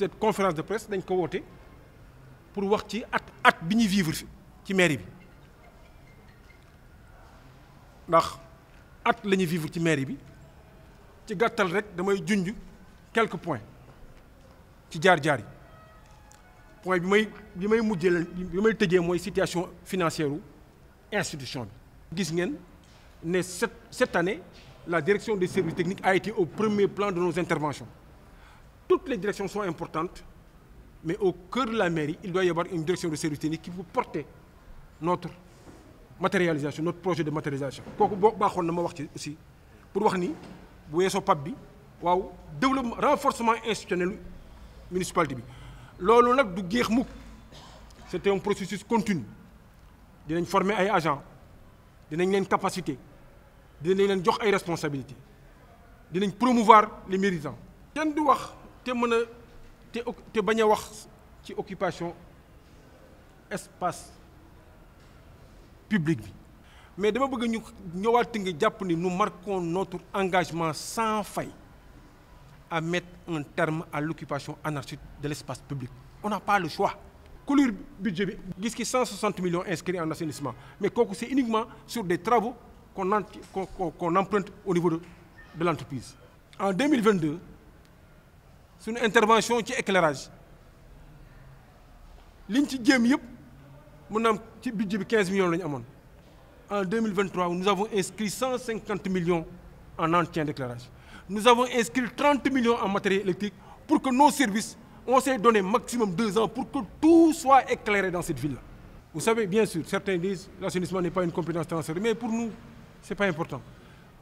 cette conférence de presse nous ko pour voir ci at at vivre fi ci mairie bi que at vivre vivre ci mairie bi ci gattal rek damay quelques points ci jaar-jaar point bi may bi may situation financière et institution bi gis cette année la direction des services techniques a été au premier plan de nos interventions toutes les directions sont importantes, mais au cœur de la mairie, il doit y avoir une direction de service qui peut porter notre matérialisation, notre projet de matérialisation. aussi pour wax ni waaw renforcement institutionnel municipalité bi loolu nag du géex mukk c'était un processus continu dinañ former ay agents dinañ leen capacité dinañ leen jox ay responsabilités dinañ promouvoir les méritants te mën a occupation espace public mais dama nous marquons notre engagement sans faille à mettre un terme à l'occupation anarchique de l'espace public on n'a pas le choix couleur budget bi 160 millions inscrits en assainissement mais c'est uniquement sur des travaux qu'on emprunte au niveau de l'entreprise en 2022 c'est une intervention qui éclairage liñ ci jéem budget de 15 millions en 2023 nous avons inscrit 150 millions en entier d'éclairage nous avons inscrit 30 millions en matériel électrique pour que nos services on s'est donné maximum deux ans pour que tout soit éclairé dans cette ville-là vous savez bien sûr certains disent que l'assainissement n'est pas une compétence transférée mais pour nous ce n'est pas important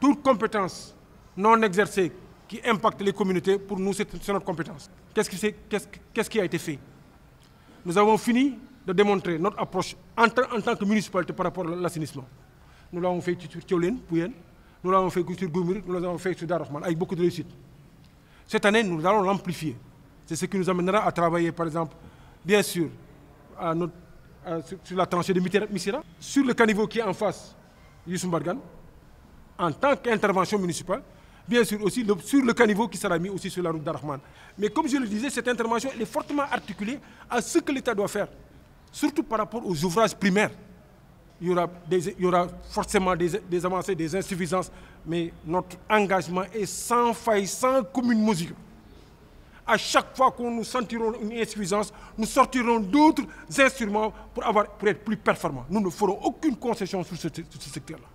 toute compétence non exercée qui impacte les communautés, pour nous, c'est notre compétence. Qu'est-ce qui, a été fait Nous avons fini de démontrer notre approche en, tant que municipalité par rapport à l'assainissement. Nous l'avons fait sur Tcholène, Pouyen, nous l'avons fait sur Goumir, nous l'avons fait sur Darochman avec beaucoup de réussite. Cette année, nous allons l'amplifier. C'est ce qui nous amènera à travailler, par exemple, bien sûr, sur, la tranchée de Misira, sur le caniveau qui est en face, de Bargan, en tant qu'intervention municipale, bien sûr aussi sur le caniveau qui sera mis aussi sur la route d'Arahman. Mais comme je le disais, cette intervention est fortement articulée à ce que l'État doit faire, surtout par rapport aux ouvrages primaires. Il y aura, forcément des, avancées, des insuffisances, mais notre engagement est sans faille, sans commune mesure. À chaque fois qu'on nous sentirons une insuffisance, nous sortirons d'autres instruments pour, être plus performants. Nous ne ferons aucune concession sur ce secteur-là.